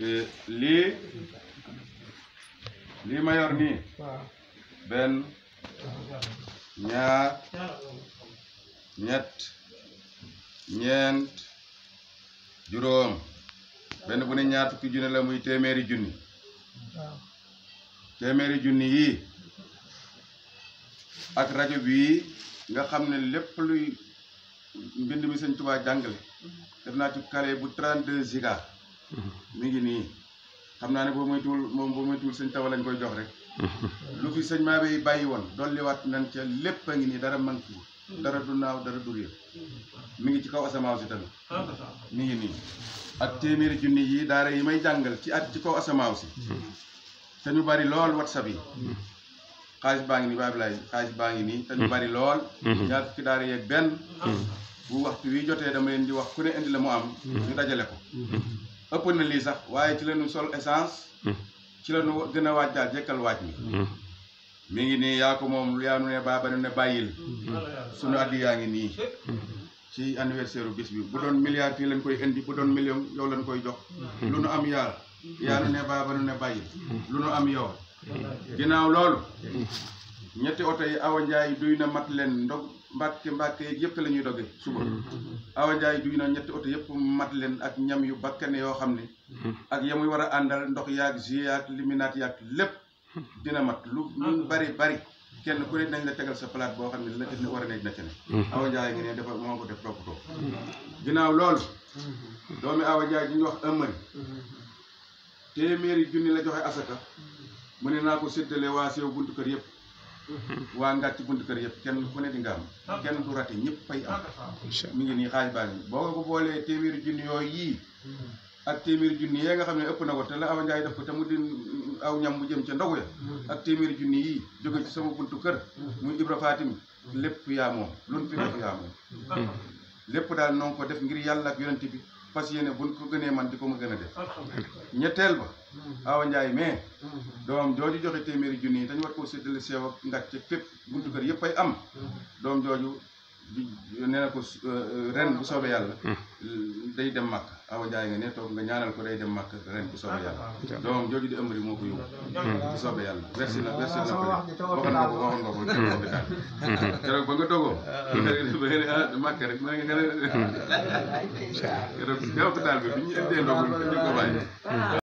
lii lii ma yor nii benn ñaar ñett ñeent juróom benn bu ne ñaar fukki junni la muy téeméeri junni téeméeri junni yii ak rajo bii nga xam ne lépp luy mbind mi sëñ Tuubaa jàngale def naa ci carré bu 32 giga mi ngi nii xam naa ne boo moytuwul moom boo moytuwul sëñ tawa lañ koy jox rek lu fi sëñ Mabé bàyyi woon dolliwaat nañ ca lépp a ngi nii dara man kii mm. dara du naaw dara du réer mm. mi ngi ci kaw asamaaw si tamit mm. mi ngi nii ak téeméeri junni yi daara yi may jàngal ci at ci kaw asamaaw si te ñu bari lool whatsapp yi xaalis baa ngi nii babi laay xaalis baa ngi nii te ñu bari lool ñaar fukki daara yeeg benn bu waxtu wi jotee dama leen di wax ku ne indi la mu am ñu dajale ko ëpp na lii sax waaye ci la ñu sol essence. Hmm. ci lanu ñu gën a waaj daal jëkkal waaj mi. Hmm. mi ngi nii yaa ko moom yaa nu ne baa ba nu ne bàyyil. sunu addi yaa ngi nii. ci anniversaire bis bi bu doon milliard fii lañ koy indi bu doon million yow lañ koy jox. Hmm. lu nu am yaa yaa nu ne baa ba nu ne bàyyil. lu nu am yow. ginnaaw loolu. ñetti oto yi Awa Ndiaye duy na mat leen ndox mbàkke mbàkke yeeg yëpp la ñuy doge suba mm-hmm. Awa Ndiaye duy na ñetti oto yëpp mat leen ak ñam yu bakkane yoo xam ne mm-hmm. ak yamuy war a àndal ndox yaag jus yaag liminaat yaag lépp mm-hmm. dina mat lu lu bari bari kenn ku ne nañ la tegal sa palaat boo xam ne la def ne war a nekk na ca ne Awa ngi ne defar moo ko def toppatoo ginnaaw loolu doomi Awa Ndiaye ñu wax ëmmëri téeméeri junni la joxe asaka mu ne naa ko séddale waa sew buntu kër yëpp waa ngaa ci bunt kër yëpp kenn ku ne kenn du rate ñëpp fay am mi ngi nii xaaj baa ngi boo ko boolee téeméeri junni yooyu yii ak téeméeri junni yee nga xam ne ëpp na ko te la awa njaay def ko te di aw ñam mu jëm ca ndogu ya ak téeméeri junni yii jóge ci sama buntu kër muy ibra fatim lépp yaa moom lu nu fi def yaa moom lépp daal noonu ko def ngir yàlla ak yonente bi fas yéene buñ ko gënee man di ko ma gën a def ñetteel ba mm-hmm. Awa Ndiaye mais mm-hmm. doom jooju joxe téeméeri junni yi dañu war koo séddale seew ak ngàcc fépp buntu kër yëpp ay am mm-hmm. doom jooju nee na ko euh, euh, ren bu soobee yàlla. Hmm. day dem màkk awa nga ne toog nga ñaanal ko day dem màkk ren bu soobee yàlla. Hmm. doomam jooju di ëmb moo ko yóbbu. bu hmm. soobee yàlla versi na versi na ah, ko waxoon nga ko waxoon nga ko keroog nga dogoo. nga ne ah màkk ma nga ne keroog si hôpital bi bi ñu indee ndox ñu ko bàyyi. Ah.